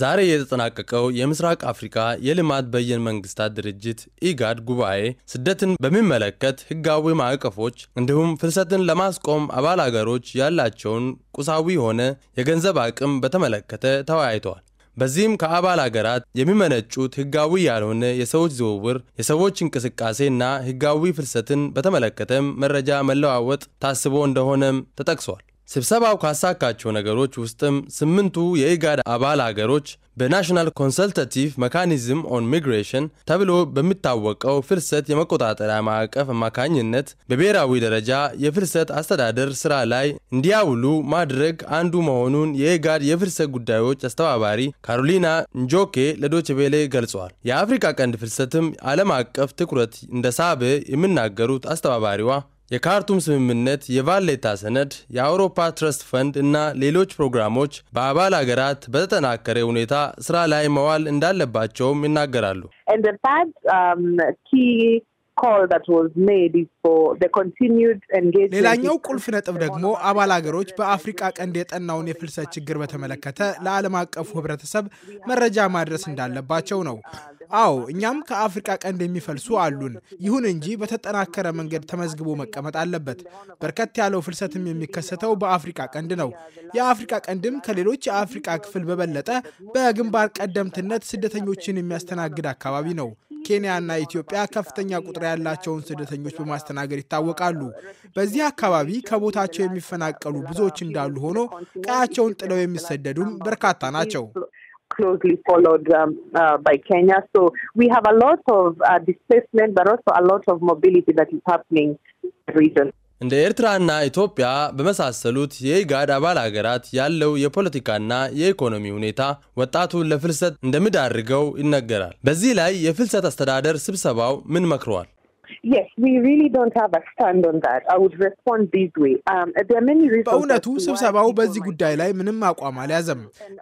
ዛሬ የተጠናቀቀው የምስራቅ አፍሪካ የልማት በየን መንግስታት ድርጅት ኢጋድ ጉባኤ ስደትን በሚመለከት ህጋዊ ማዕቀፎች እንዲሁም ፍልሰትን ለማስቆም አባል አገሮች ያላቸውን ቁሳዊ ሆነ የገንዘብ አቅም በተመለከተ ተወያይተዋል። በዚህም ከአባል አገራት የሚመነጩት ህጋዊ ያልሆነ የሰዎች ዝውውር፣ የሰዎች እንቅስቃሴና ህጋዊ ፍልሰትን በተመለከተም መረጃ መለዋወጥ ታስቦ እንደሆነም ተጠቅሷል። ስብሰባው ካሳካቸው ነገሮች ውስጥም ስምንቱ የኢጋድ አባል አገሮች በናሽናል ኮንሰልታቲቭ መካኒዝም ኦን ሚግሬሽን ተብሎ በሚታወቀው ፍልሰት የመቆጣጠሪያ ማዕቀፍ አማካኝነት በብሔራዊ ደረጃ የፍልሰት አስተዳደር ስራ ላይ እንዲያውሉ ማድረግ አንዱ መሆኑን የኢጋድ የፍልሰት ጉዳዮች አስተባባሪ ካሮሊና ንጆኬ ለዶችቬሌ ገልጿል። የአፍሪካ ቀንድ ፍልሰትም ዓለም አቀፍ ትኩረት እንደሳበ የሚናገሩት አስተባባሪዋ የካርቱም ስምምነት፣ የቫሌታ ሰነድ፣ የአውሮፓ ትረስት ፈንድ እና ሌሎች ፕሮግራሞች በአባል ሀገራት በተጠናከረ ሁኔታ ስራ ላይ መዋል እንዳለባቸውም ይናገራሉ። ሌላኛው ቁልፍ ነጥብ ደግሞ አባል አገሮች በአፍሪቃ ቀንድ የጠናውን የፍልሰት ችግር በተመለከተ ለዓለም አቀፉ ህብረተሰብ መረጃ ማድረስ እንዳለባቸው ነው። አዎ እኛም ከአፍሪቃ ቀንድ የሚፈልሱ አሉን። ይሁን እንጂ በተጠናከረ መንገድ ተመዝግቦ መቀመጥ አለበት። በርከት ያለው ፍልሰትም የሚከሰተው በአፍሪቃ ቀንድ ነው። የአፍሪቃ ቀንድም ከሌሎች የአፍሪቃ ክፍል በበለጠ በግንባር ቀደምትነት ስደተኞችን የሚያስተናግድ አካባቢ ነው። ኬንያና ኢትዮጵያ ከፍተኛ ቁጥር ያላቸውን ስደተኞች በማስተናገድ ይታወቃሉ። በዚህ አካባቢ ከቦታቸው የሚፈናቀሉ ብዙዎች እንዳሉ ሆኖ ቀያቸውን ጥለው የሚሰደዱም በርካታ ናቸው። ኬንያ ሪጅን እንደ ኤርትራና ኢትዮጵያ በመሳሰሉት የኢጋድ አባል አገራት ያለው የፖለቲካና የኢኮኖሚ ሁኔታ ወጣቱን ለፍልሰት እንደሚዳርገው ይነገራል። በዚህ ላይ የፍልሰት አስተዳደር ስብሰባው ምን መክረዋል? በእውነቱ ስብሰባው በዚህ ጉዳይ ላይ ምንም አቋም አልያዘም።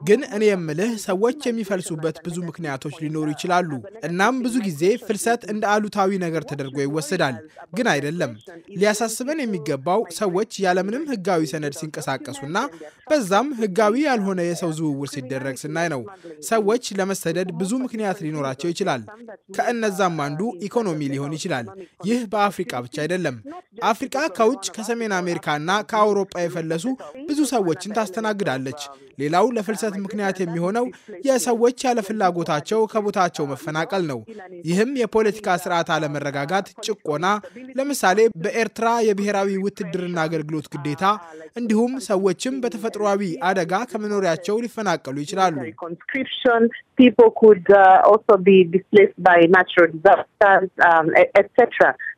ግን እኔ የምልህ ሰዎች የሚፈልሱበት ብዙ ምክንያቶች ሊኖሩ ይችላሉ። እናም ብዙ ጊዜ ፍልሰት እንደ አሉታዊ ነገር ተደርጎ ይወሰዳል። ግን አይደለም። ሊያሳስበን የሚገባው ሰዎች ያለምንም ህጋዊ ሰነድ ሲንቀሳቀሱና በዛም ህጋዊ ያልሆነ የሰው ዝውውር ሲደረግ ስናይ ነው። ሰዎች ለመሰደድ ብዙ ምክንያት ሊኖራቸው ይችላል። ከእነዛም አንዱ ኢኮኖሚ ሊሆን ይችላል። ይህ በአፍሪቃ ብቻ አይደለም። አፍሪቃ ከውጭ ከሰሜን አሜሪካና ከአውሮጳ የፈለሱ ብዙ ሰዎችን ታስተናግዳለች። ሌላው ለፍልሰት ምክንያት የሚሆነው የሰዎች ያለ ፍላጎታቸው ከቦታቸው መፈናቀል ነው። ይህም የፖለቲካ ስርዓት አለመረጋጋት፣ ጭቆና፣ ለምሳሌ በኤርትራ የብሔራዊ ውትድርና አገልግሎት ግዴታ፣ እንዲሁም ሰዎችም በተፈጥሯዊ አደጋ ከመኖሪያቸው ሊፈናቀሉ ይችላሉ። people could uh, also be displaced by natural disasters, um, etc.